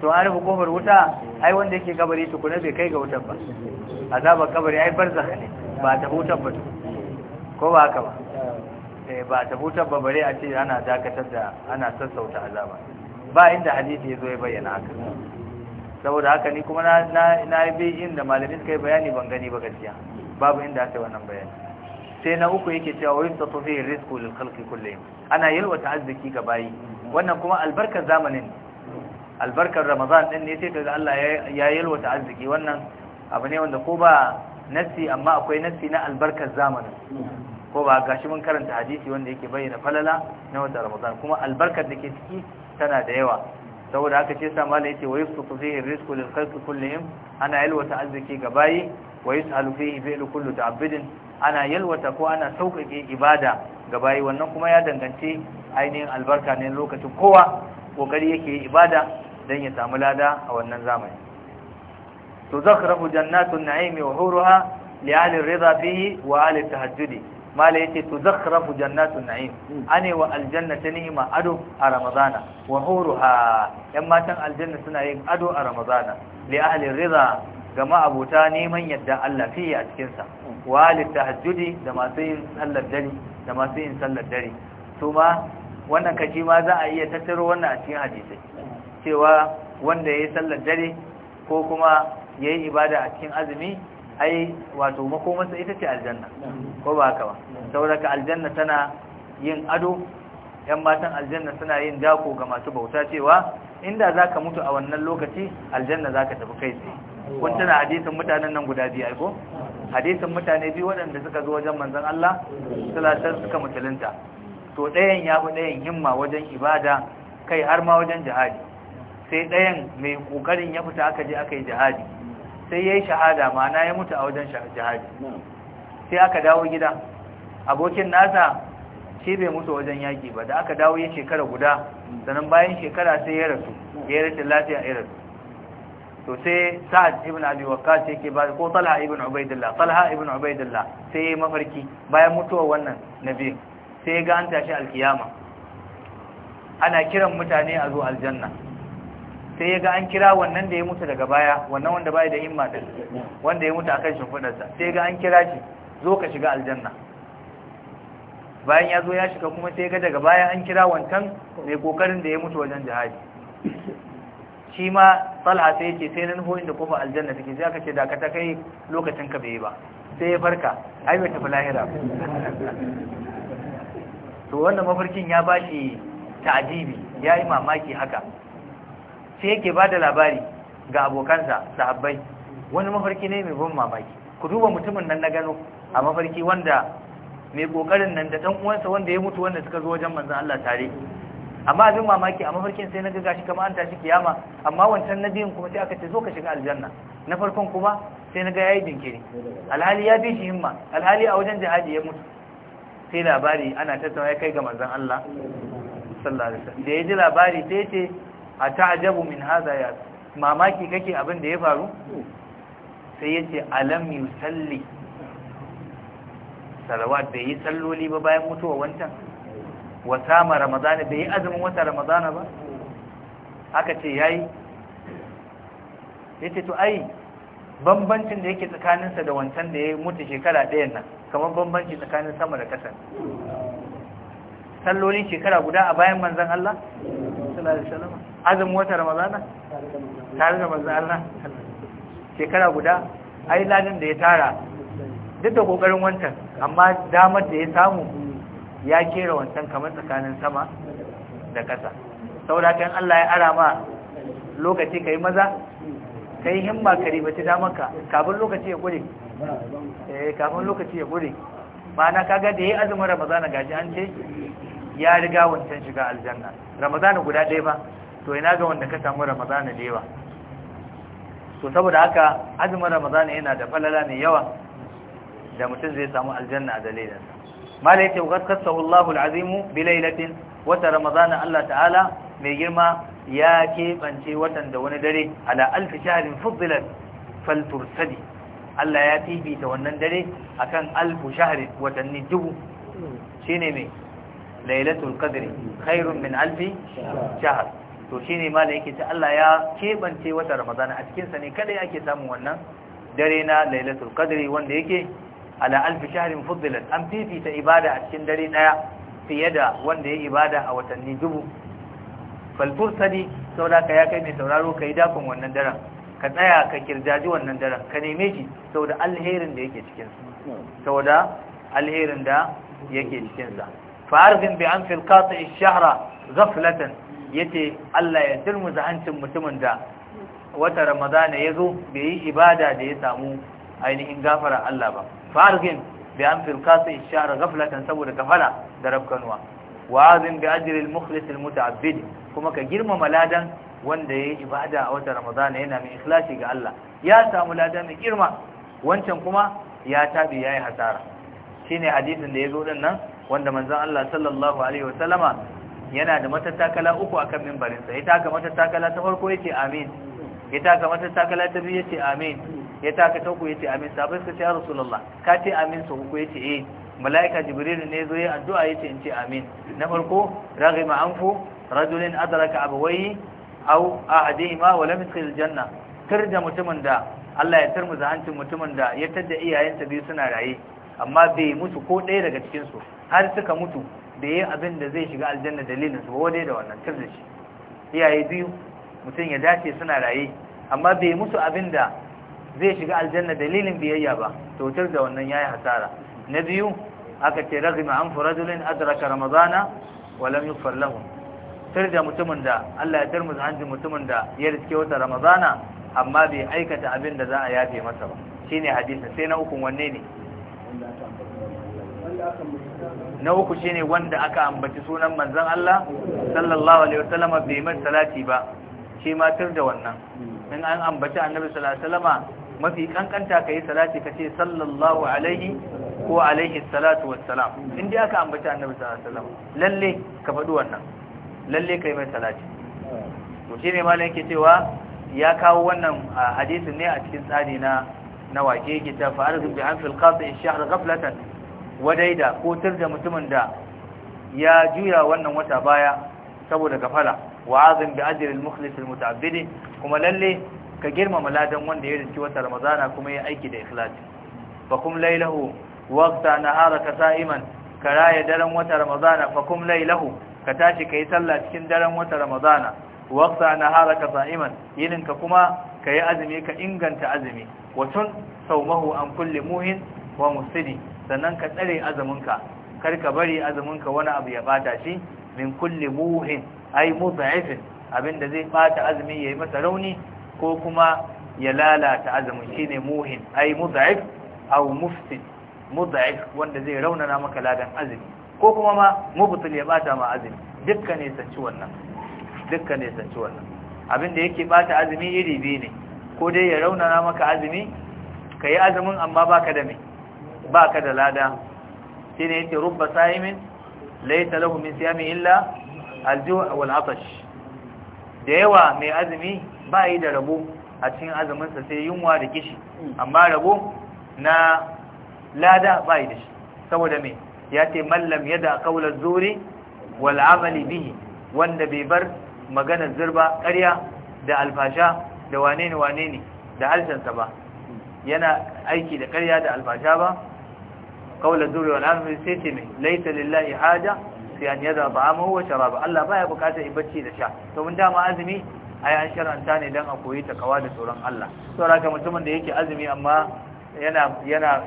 to an rufe kofar wuta ai wanda yake kabari tukuna bai kai ga wutar ba azabar kabari ai barza ne ba ta hutar ba ko ba haka ba eh, ba ta hutar ba bare a ce ana dakatar da ana sassauta azaba ba inda hadisi ya zo ya bayyana haka saboda haka ni kuma na na yi bi inda malamin suka yi bayani ban gani ba gaskiya babu inda aka yi wannan bayani sai na uku yake cewa wa yustatu fi rizqu lil khalqi kullihim ana yalwata arziki ga bayi wannan kuma albarkar zamanin albarkar ramadan din ne sai kaga Allah ya yalwata arziki wannan abu ne wanda ko ba nassi amma akwai nassi na albarkar zamanin ko ba gashi mun karanta hadisi wanda yake bayyana falala na wata ramadan kuma albarkar da ke ciki tana da yawa saboda haka ce sa malai yace wayu su fihi rizqu lil khalqi kullihim ana yalwata arziki ga bayi wayu yus'alu fihi fi'lu kullu ta'abbudin ana yalwata ko ana sauƙaƙe ibada ga bayi wannan kuma ya danganci ainihin albarka ne lokacin kowa kokari yake ibada dan ya samu lada a wannan zamani to zakhrafu jannatun na'im wa huruha li ahli ar-ridha fihi wa ahli tahajjudi mala yace to zakhrafu jannatun na'im ane wa aljannatu ni'ma ado a ramadana wa huruha yan matan aljanna suna yin ado a ramadana li ahli ar-ridha gama abota neman yadda Allah fiye a cikinsa wa tahajjudi da masu yin sallar dare da masu yin sallar dare su ma wannan kashi ma za a iya tattaro wannan a cikin hadisai cewa wanda ya yi sallar dare ko kuma ya yi ibada a cikin azumi ai wato makomarsa ita ce aljanna ko ba haka ba saboda aljanna tana yin ado yan matan aljanna suna yin dako ga masu bauta cewa inda za ka mutu a wannan lokaci aljanna za ka tafi kai tsaye kun tana hadisin mutanen nan guda biyu aiko hadisin mutane biyu waɗanda suka zo wajen manzon Allah sallallahu suka musulunta to ɗayan ya fi ɗayan himma wajen ibada kai har ma wajen jihadi sai ɗayan mai ƙoƙarin ya fita aka je aka yi jihadi sai ya yi shahada ma'ana ya mutu a wajen jihadi sai aka dawo gida abokin nasa shi bai mutu wajen yaki ba da aka dawo ya shekara guda sannan bayan shekara sai ya rasu ya yi rashin lafiya ya rasu to sai sa'ad ibn abi sai yake ba ko talha ibn ubaidillah talha ibn ubaidillah sai ya yi mafarki bayan mutuwar wannan nabi sai ya ga an tashi alkiyama ana kiran mutane a zo aljanna sai ya ga an kira wannan da ya mutu daga baya wannan wanda bai da himma din wanda ya mutu akan shimfidarsa sai ga an kira shi zo ka shiga aljanna bayan ya zo ya shiga kuma sai ga daga baya an kira wancan mai kokarin da ya mutu wajen jihadi shi ma talha sai yake sai nan hoyin da kofa aljanna take sai aka ce da ka ta kai lokacin ka bai ba sai ya farka ai bai tafi lahira to wannan mafarkin ya bashi ta'adibi ya yi mamaki haka sai yake bada labari ga abokansa sahabbai wani mafarki ne mai ban mamaki ku duba mutumin nan na gano a mafarki wanda mai kokarin nan da dan uwansa wanda ya mutu wanda suka zo wajen manzon Allah tare amma abin mamaki a mafarkin sai na ga shi kamar an tashi kiyama amma wancan nabiyin kuma sai aka ce zo ka shiga aljanna na farkon kuma sai na ga yayi jinkiri alhali ya bi shi himma alhali a wajen jihadi ya mutu sai labari ana tattauna kai ga manzon Allah sallallahu alaihi wasallam da ya ji labari sai ce a ta'ajabu min hadha ya mamaki kake abin da ya faru sai yace alam yusalli salawat bai yi salloli ba bayan mutuwa wancan wa sama ramadana bai yi azumin wata ramadana ba aka ce yayi yace to ai bambancin da yake tsakaninsa da wancan da ya mutu shekara ɗayan nan kamar bambanci tsakanin sama da ƙasa sallolin shekara guda a bayan manzon Allah sallallahu alaihi wasallam azumin wata ramazana? tare da manzo Allah shekara guda ai ladan da ya tara duk da kokarin wancan amma damar da ya samu ya kera wancan kamar tsakanin sama da ƙasa saboda kan Allah ya ara ma lokaci yi maza ka yi himma ka ribaci damar ka kafin lokaci ya gure eh kafin lokaci ya gure ma'ana kaga da yi azumin Ramazana gashi an ce ya riga wancan shiga aljanna Ramazana guda ɗaya ba to ina ga wanda ka samu ramadana da yawa to saboda haka azumin ramadana yana da falala mai yawa da mutum zai samu aljanna a dalilin mala yace wa kasahu al-azimu bi lailatin wata ramadana Allah ta'ala mai girma ya keɓance watan da wani dare ala alfi shahrin fuddilat faltursadi Allah ya fifita wannan dare akan alfu shahrin watanni dubu shine mai lailatul qadri khairun min alfi shahr to shine malam yake ce Allah ya keɓance wata ramadana a cikinsa ne kada yake samun wannan dare na lailatul qadri wanda yake ala alfi shahrin fuddilat an fifita ibada a cikin dare daya fiye da wanda ya ibada a watanni dubu falfursadi saboda ya kai mai sauraro kai dakon wannan daren ka tsaya ka kirjaji wannan daren ka neme shi saboda alherin da yake cikin saboda alherin da yake cikin sa fa arfin bi an fil qati ash-shahra ghaflatan yace Allah ya turmuza hancin mutumin da wata ramadana ya zo bai yi ibada da ya samu ainihin gafara Allah ba fargin bi an fil kasa ishara gaflatan saboda kafara da rabkanwa wa azim bi al mukhlis al muta'abbid kuma ka girmama ladan wanda yayi ibada a wata ramadana yana mai ikhlasi ga Allah ya samu ladan mai girma wancan kuma ya tabi yayi hasara shine hadisin da yazo din nan wanda manzon Allah sallallahu alaihi wasallama yana da matattakala uku a kan mimbarinsa ya taka matattakala ta farko ce amin ya taka matattakala ta biyu ce amin ya taka ta uku ce amin sabai suka ce ya rasulullah ka ce amin su uku ce eh malaika jibrilu ne zo ya addu'a ce in ce amin na farko ma anfu rajulin adraka abawayhi aw ahadihima wa lam yadkhil janna tirda mutumin da Allah ya turmuza hancin mutumin da ya tadda iyayensa biyu suna raye amma bai mutu ko ɗaya daga cikin su har suka mutu bai yi abin da zai shiga aljanna dalilin su wadai da wannan tir da shi iyaye biyu mutum ya dace suna raye amma bai musu abin da zai shiga aljanna dalilin biyayya ba to tir da wannan yayi hasara na biyu aka ce ragima an furadulin adraka ramadana wa lam yughfar lahu da mutumin da Allah ya tarmuza hanjin mutumin da ya riske wata ramadana amma bai aikata abin da za a yafe masa ba shine hadisi sai na ukun wanne ne wanda aka na uku shine wanda aka ambaci sunan manzon Allah sallallahu alaihi wasallam bai mai salati ba shi matar da wannan in an ambaci annabi sallallahu alaihi wasallama mafi kankanta kai salati kace sallallahu alaihi ko alaihi salatu wassalam in dai aka ambaci annabi sallallahu alaihi wasallam lalle ka faɗi wannan lalle kai mai salati to shine malam yake cewa ya kawo wannan hadisin ne a cikin tsari na na wake yake ta fa'arzu bi anfil qati ash-shahr ghaflatan wadaida da ko da mutumin da ya juya wannan wata baya saboda gafala wa azim bi ajri al-mukhlis al-muta'abbid kuma lalle ka girmama ladan wanda ya rinci wata ramadana kuma ya aiki da ikhlasi fa kum laylahu waqta naharaka sa'iman karaya daren wata ramadana fa kum laylahu ka tashi kai sallah cikin daren wata ramadana waqta naharaka sa'iman yinin ka kuma kai azumi ka inganta azumi wa tun saumahu an kulli muhin wa mufsidi sannan ka tsare azuminka kar ka bari azuminka wani abu ya bata shi min kulli muhin ay abin abinda zai bata azumi yayi masa rauni ko kuma ya lalata azumin shine muhin ai mudha'if aw mufsid mudha'if wanda zai raunana maka ladan azumi ko kuma ma mubtil ya bata ma azumi dukkan ne sanci wannan dukkan ne sanci wannan abinda yake bata azumi iri biyu ne ko dai ya raunana maka azumi kai azumin amma baka da mai ba ka da lada shi ne yake rubba sa'imin laita lahu min siyami illa aljuh a atash da yawa mai azumi ba yi da rabo a cikin azuminsa sai yunwa da kishi amma rabo na lada ba yi da shi saboda mai ya ce mallam a kawular zuri wal'amali wal'amali bihi wanda bai bar maganar zurba ƙarya da alfasha da wane ne wane ne da harshensa ba yana aiki da ƙarya da alfasha ba qawla zuri wal amri sai ce mai laita lillahi haja fi an yada mahuwa shara ba. Allah baya bukatar ibacci da sha to mun dama azumi yi an sharanta ne don a koyi ta takawa da tsoron Allah saboda haka mutumin da yake azumi amma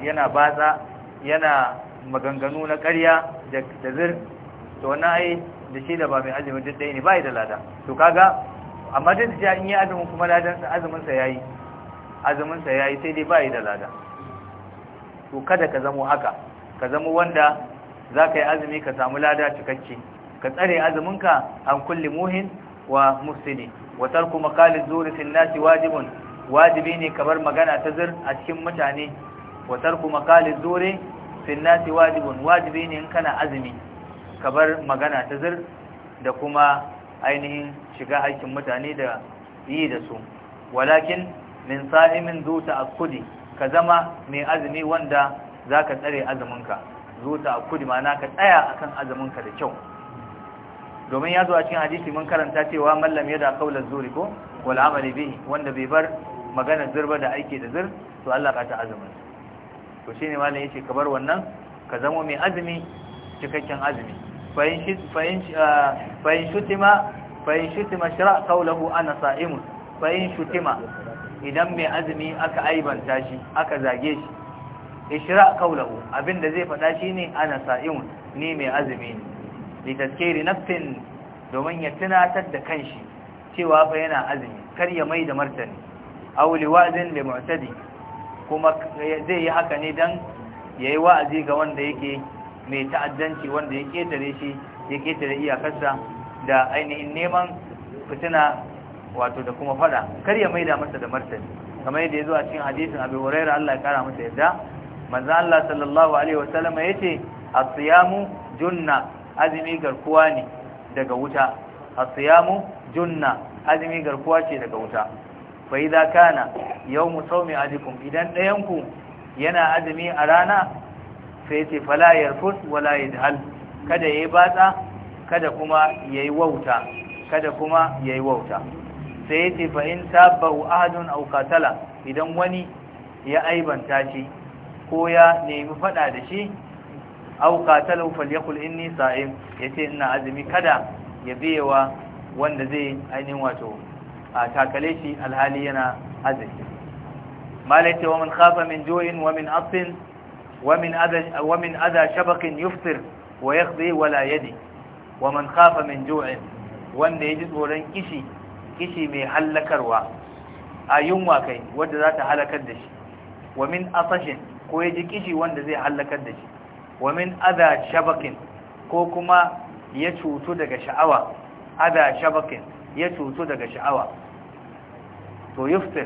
yana batsa yana maganganu na karya da zir to na ai da shi da ba mai azumi duk da yi ne ba yi da lada to kaga amma duk da in yi azumin kuma ladan azumin sa yayi azumin sai dai ba yi da lada to kada ka zamo haka ka zamo wanda za ka yi azumi ka samu lada cikakke ka tsare azuminka an kulli muhin wa mufsidi wa tarku maqalin zuri fil nasi wajibun wajibi ne kamar magana ta zir a cikin mutane wa tarku maqalin zuri fil nasi wajibun wajibi ne in kana azumi kamar magana ta zir da kuma ainihin shiga aikin mutane da yi da su walakin min sa'imin zuta Akudi. ka zama mai azumi wanda za ka tsare azuminka zuta a kudi mana ka tsaya akan azuminka da kyau domin ya zo a cikin hadisi mun karanta cewa mallam ya da kaular zuri ko wal'amali bi wanda bai bar magana zirba da aiki da zir to Allah ka ta azumin to shine ya ce ka bar wannan ka zama mai azumi cikakken azumi fayin shi fayin ah, fayin shutima shutima ana sa'imun shutima idan mai azumi aka aibanta shi aka zage shi ishra kaulahu abinda zai faɗa shi ne ana sa'imun ni mai azumi ne litaskiri nafsin domin ya tunatar da kanshi cewa fa yana azumi kar ya mai da martani aw wa'zin li mu'tadi kuma zai yi haka ne dan yayi wa'azi ga wanda yake mai ta'addanci wanda ya ketare shi ya ketare iyakarsa da ainihin neman fitina wato da kuma fada kar ya maida masa da martani kamar yadda ya zo a cikin hadisin Abu huraira Allah ya kara masa yadda manzo Allah sallallahu alaihi wa wasallam yace as-siyamu junna azumi garkuwa ne daga wuta as-siyamu junna azumi garkuwa ce daga wuta fa idza kana yawmu sawmi adikum idan dayan ku yana azumi a rana sai yace fala yarfus wala yadhal kada yayi batsa kada kuma yayi wauta kada kuma yayi wauta sai ya ce fa'in sabahu ahadun aw qatala idan wani ya aibanta shi ko ya nemi fada da shi aw qatalahu falyakul inni sa'im yace ina azumi kada ya biyewa wanda zai ainihin wato a takale shi alhali yana azumi ce wa man khafa min ju'in wa min atsin wa min adha wa min adha shabaqin yuftir wa yaqdi wala yadi wa man khafa min ju'in wanda yaji tsoron kishi kishi mai hallakarwa a yunwa kai wadda za ta halakar da shi wa min asashin ko ya ji kishi wanda zai halakar da shi wa min adha shabakin ko kuma ya cutu daga sha'awa adha shabakin ya cutu daga sha'awa to yuftir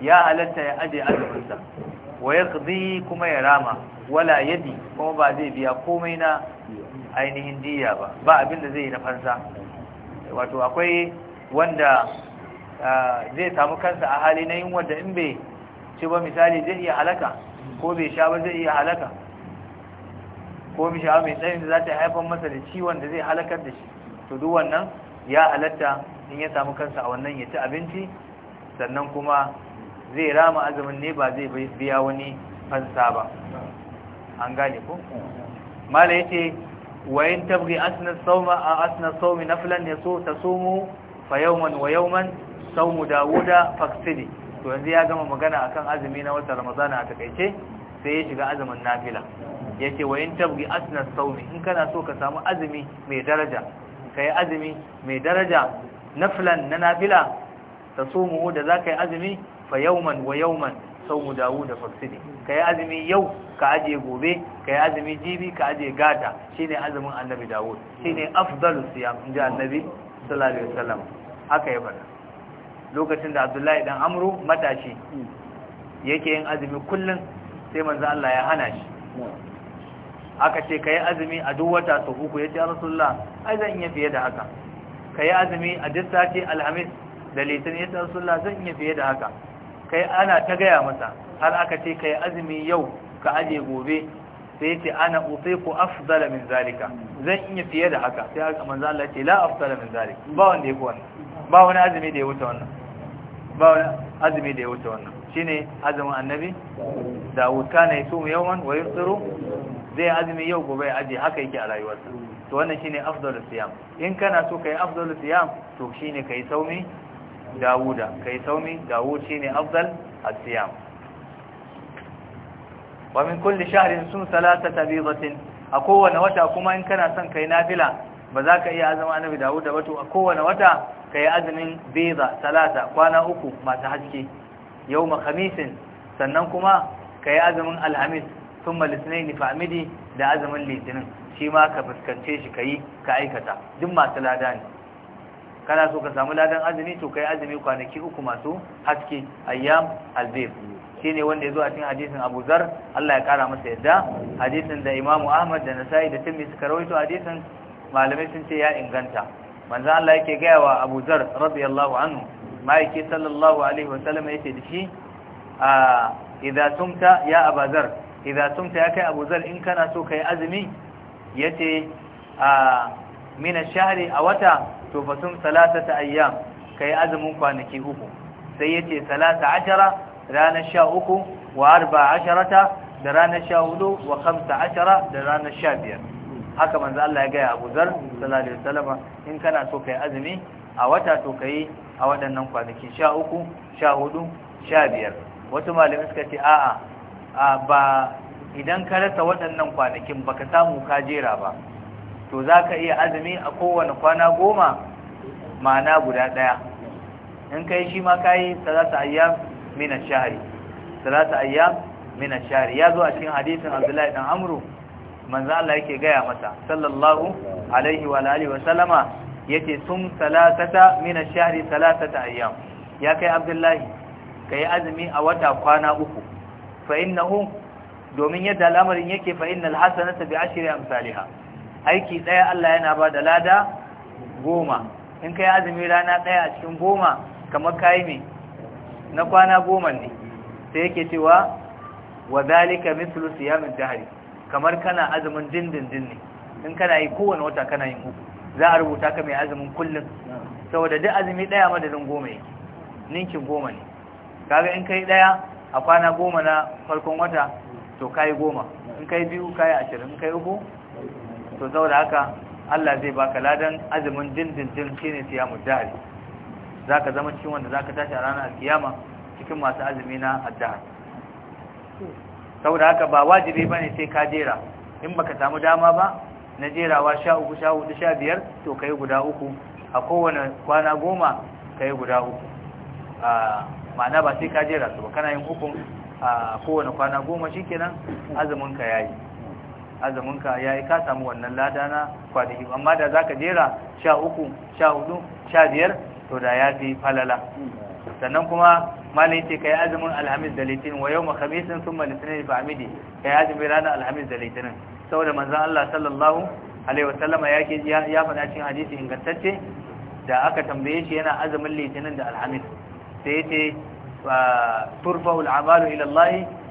ya halatta ya aje azuminsa wa yaqdi kuma ya rama wala yadi kuma ba zai biya komai na ainihin diya ba ba abin da zai yi na fansa wato akwai wanda zai samu kansa a hali na yin wanda in bai ci ba misali zai iya halaka ko bai sha ba zai iya halaka ko bai sha mai tsayin da za ta haifar masa da ciwon da zai halakar da shi to duk wannan ya halatta in ya samu kansa a wannan ya ci abinci sannan kuma zai rama azumin ne ba zai biya wani fansa ba an gane ko mala yace wayin tabghi asna sawma a asna sawmi naflan yaso tasumu fa yawman wa yawman sawmu dawuda faqsidi to yanzu ya gama magana akan azumi na watan ramadana a takeice sai ya shiga azumin nafila yace wa in tabghi asna sawmi in kana so ka samu azumi mai daraja kai azumi mai daraja naflan na nafila tasumu da zaka yi azumi fa yawman wa yawman sawmu dawuda faqsidi kai ka yi azumi yau ka aje gobe ka yi azumi jibi ka aje gata shine azumin annabi dawud shine afdalus siyam inda annabi sallallahu alaihi wasallam haka ya faɗa lokacin da abdullahi dan amru matashi yake yin azumi kullum sai manzan Allah ya hana shi aka ce ka yi azumi a duk wata sau uku a rasulullah ai zan iya fiye da haka Ka yi azumi a duk sati alhamis da litinin a rasulullah zan iya fiye da haka kai ana ta gaya masa har aka ce ka yi azumi yau ka aje gobe sai ce ana ko afdala min zalika zan iya fiye da haka sai aka manzan Allah ce la afdala min zalika ba wanda ya fi wannan ba wani azumi da ya wuce wannan ba wani azumi da ya wuce wannan shine azumin annabi Dawud kana yasumu yawon wa yufṭiru zai azumi yau gobe ya aje haka yake a rayuwarsa to wannan shine afdalus siyam in kana so kai afdalus siyam to shine kai saumi Dawuda kai saumi Dawud shine afdal as-siyam wa min kulli shahrin sun salatata bidatin a kowane wata kuma in kana son kai nafila ba za ka iya azama annabi Dawud ba to a kowane wata ka yi azumin beza salata kwana uku masu haske yau khamisin sannan kuma ka yi azumin alhamis sun litinin fa'amidi da azumin litinin shi ma ka fuskance shi ka yi ka aikata duk masu lada ne kana so ka samu ladan azumi to kai azumi kwanaki uku masu haske ayyam Shi ne wanda ya zo a cikin hadisin Abu Zar Allah ya kara masa yadda hadisin da Imam Ahmad da Nasa'i da Tirmidhi suka rawaito hadisin malamai sun ce ya inganta manzan Allah yake gaya wa Abu Zar radiyallahu anhu ma'aiki sallallahu alaihi wa ya ce da shi a idza tumta ya Abu Zar tumta ya kai Abu Zar in kana so kai azumi yace a mina shahri a wata to fasum salasata ayyam kai azumin kwanaki uku sai yace 13 ranar uku wa 14 da ranar hudu wa ashara da ranar sha biyar. haka manzo Allah ya gaya Abu Zar sallallahu alaihi wasallam in kana so kai azumi a wata to kai a waɗannan kwanaki 13 14 15 wato malamin suka ce a'a A ba idan ka rasa waɗannan kwanakin baka samu ka jera ba to zaka iya azumi a kowane kwana goma ma'ana guda ɗaya in kai shi ma kai salatu ayyam min ash-shahr salatu ayyam min ash-shahr ya zo a cikin hadisin Abdullahi dan Amru manzo Allah yake gaya mata sallallahu alaihi wa alihi wa sallama yace sum salatata min ash-shahri salatata ayyam ya kai abdullahi kai azumi a wata kwana uku fa innahu domin yadda al'amarin yake fa innal hasanata bi ashri amsalha aiki daya Allah yana ba da lada goma in kai azumi rana daya a cikin goma kamar kai me na kwana goma ne sai yake cewa wa dhalika mithlu siyamid dahri kamar kana azumin dindindin ne in kana yi kowane wata kana yin uku za a rubuta ka mai azumin kullum saboda duk azumi daya madadin goma yake ninkin goma ne kaga in kai daya a kwana goma na farkon wata to kai goma in kai biyu kai ashirin in kai uku to saboda haka Allah zai baka ladan azumin dindindin shine siyamu dahari zaka zama cikin wanda zaka tashi a ranar alkiyama cikin masu azumi na addahar saboda haka ba wajibi bane sai ka jera in baka samu dama ba na jerawa sha uku sha hudu sha biyar to kai guda uku a kowane kwana goma kai guda uku ma'ana ba sai ka jera su ba kana yin uku a kowane kwana goma shikenan azuminka yayi azuminka yayi ka samu wannan lada na kwanaki amma da zaka jera sha uku sha hudu sha biyar to da ya fi falala sannan kuma malai ce kai azumin alhamis da litinin wa yau makamisin sun malisinin fa amidi kai azumin ranar alhamis da litinin saboda manzan Allah sallallahu alaihi wasallama ya ke ya faɗa cikin hadisi ingantacce da aka tambaye shi yana azumin litinin da alhamis sai ya ce turfa'ul amalu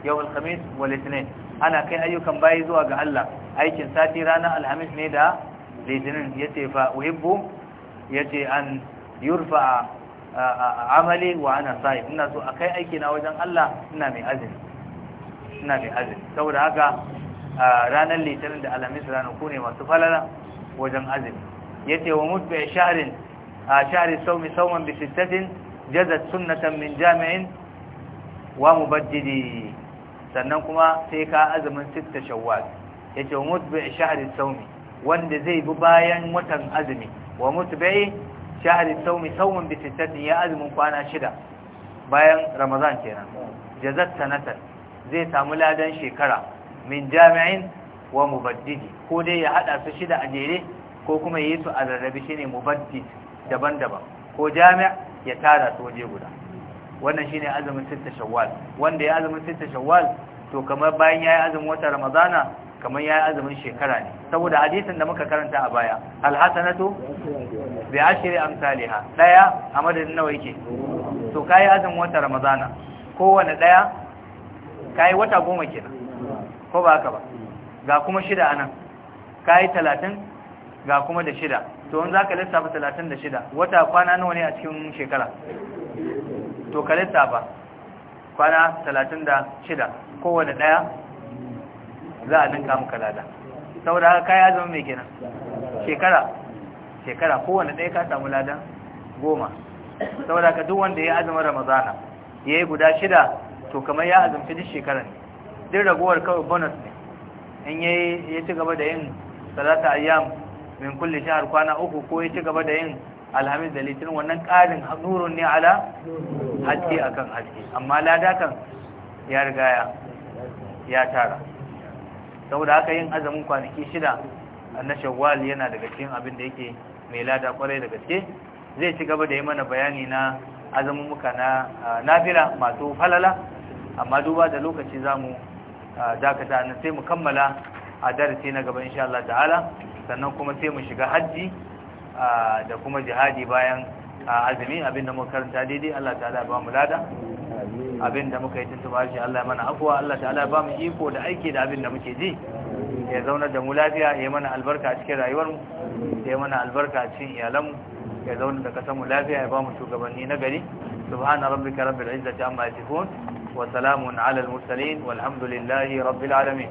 yau alhamis wa litinin ana kai ayyukan bayi zuwa ga Allah aikin sati ranar alhamis ne da litinin ya ce fa uhibbu ya an yurfa amali wa ana sa'id ina so akai aiki na wajen Allah ina mai azumi ina mai azumi saboda haka ranar litinin da alamis ranaku ne masu falala wajen azumi yace wa mutbi shahrin shahri sawmi sawman bi sittatin jazat sunnatan min jami'in wa mubaddidi sannan kuma sai ka azumin sitta shawwal yace wa mutu ya shahri sawmi wanda zai bi bayan watan azumi wa bai. shahari saumi saumin bi sittatin ya azumin kwana shida bayan ramadan kenan jazat sanatan zai samu ladan shekara min jami'in wa mubaddidi ko dai ya hada su shida a jere ko kuma yi su a rarrabe shine mubaddid daban-daban ko jami'a ya tara su waje guda wannan shine azumin sitta shawwal wanda ya azumin sitta shawwal to kamar bayan ya yi azumin wata ramadana kamar ya yi azumin shekara ne saboda hadisin da muka karanta a baya alhassanatu bi ashri amsalha daya a madadin nawa yake to kai azumin wata ramadana kowanne daya kai wata goma kenan ko ba haka ba ga kuma shida anan kai 30 ga kuma da shida to in zaka lissafa 30 da shida wata kwana nawa ne a cikin shekara to ka lissafa kwana 36 kowanne daya za a ninka maka lada saboda haka kai azumin mai kenan shekara shekara kowane ɗaya ka samu ladan goma saboda haka duk wanda ya azumin ramadana ya yi guda shida to kamar ya azumci duk shekarar ne duk ragowar kawai bonus ne in ya ci gaba da yin salata ayyam min kulli shahar kwana uku ko ya ci gaba da yin alhamis da litinin wannan ƙarin nurun ne ala haske akan haske amma lada kan ya riga ya tara saboda haka yin azamin kwanaki shida na shawwal yana daga cikin abin da yake mai lada kwarai da gaske zai ci gaba da yi mana bayani na azamin muka na nafila masu falala amma duba da lokaci za mu dakata na sai mu kammala a darasi na gaba insha Allah ta'ala sannan kuma sai mu shiga hajji da kuma jihadi bayan a azumi abinda muka karanta daidai Allah ta'ala ba mu lada abinda muka yi tuntuba shi Allah ya mana afuwa Allah ta'ala ba mu iko da aiki da abinda muke ji ya zauna da mu lafiya ya mana albarka a cikin rayuwar mu ya mana albarka a cikin iyalan mu ya zauna da kasar mu lafiya ya ba mu shugabanni na gari subhana rabbika rabbil izzati amma yasifun wa salamun ala al mursalin walhamdulillahi rabbil alamin